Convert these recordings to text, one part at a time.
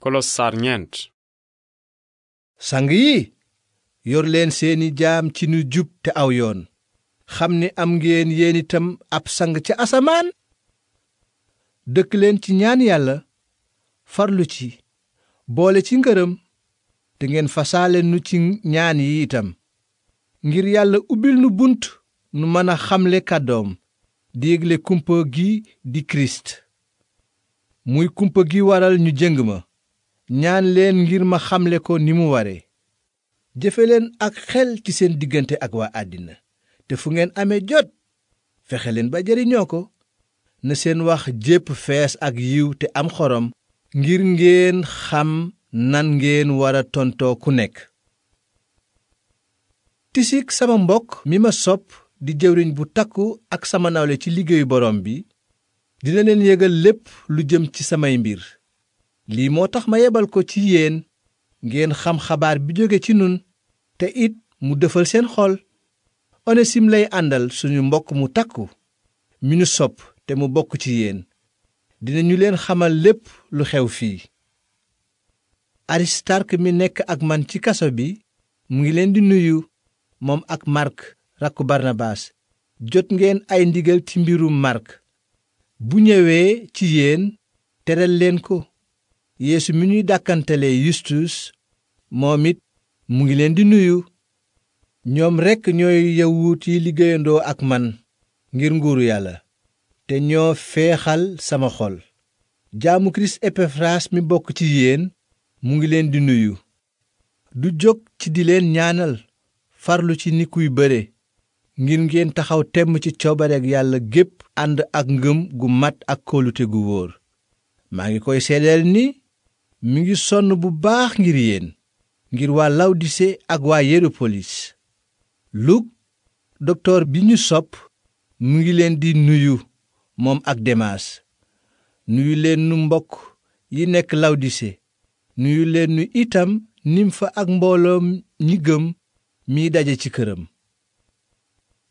kolos sar sang yi yor leen seeni jaam ci nu jub te aw yoon xam ni am ngeen yéen itam ab sang ca asamaan dëkk leen ci ñaan yàlla farlu ci boole ci ngërëm te ngeen fasaale nu ci ñaan yi itam ngir yàlla ubbil nu bunt nu mën a xamle kàddoom di yégle kumpa gi di kirist muy kumpa gi waral ñu jëng ma ñaan leen ngir ma xamle ko ni mu ware jëfe leen ak xel ci seen diggante ak waa àddina te fu ngeen amee jot fexe leen ba jariñoo ko na seen wax jépp fees ak yiw te am xorom ngir ngeen xam nan ngeen wara tontoo ku nekk tisik sama mbokk mi ma sopp di jëwriñ bu takku ak sama nawle ci liggéeyu borom bi dina leen yégal lépp lu jëm ci samay mbir lii moo tax ma yebal ko ci yéen ngeen xam xabaar bi jóge ci nun te it mu dëfal seen xol onesim lay àndal suñu mbokk mu takku mi ñu sopp te mu bokk ci yéen dinañu leen xamal lépp lu xew fii aristark mi nekk ak man ci kaso bi mu ngi leen di nuyu moom ak màrk rakku barnabaas jot ngeen ay ndigal ci mbirum màrk bu ñëwee ci yéen teral leen ko yéesu mi ñuy dàkkantele yustus moom it mu ngi leen di nuyu ñoom rekk ñooy yawut yi liggéeyandoo ak man ngir nguuru yàlla te ñoo feexal sama xol jaamu kirist epafras mi bokk ci yéen mu ngi leen di nuyu du jóg ci di leen ñaanal farlu ci ni kuy bëre ngir ngeen taxaw temm ci coobareek yàlla gépp ànd ak ngëm gu mat ak kolute gu wóor maa ngi koy seedeel ni mi ngi sonn bu baax ngir yéen ngir waa lawdise ak waa yerapolis luk doktoor bi ñu sopp mu ngi leen di nuyu moom ak demaas nuyu leen nu mbokk yi nekk lawdise nuyu leen nu itam nim fa ak mbooloom ñi gëm mi daje ci këram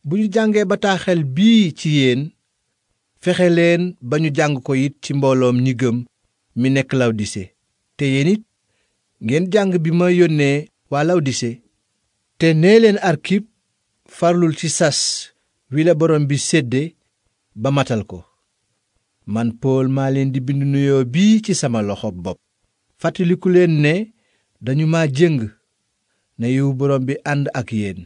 bu ñu jàngee bataaxel bii ci yéen fexe leen ba ñu jàng ko it ci mbooloom ñi gëm mi nekk lawdise te yéen it ngeen jàng bi ma yónnee waa Lawdise te nee leen Arkib farlul ci sas wi la borom bi sédde ba matal ko man Pool maa leen di bind nuyoo bii ci sama loxo bopp fàttaliku leen ne dañu ma jëng ne yiwu borom bi ànd ak yéen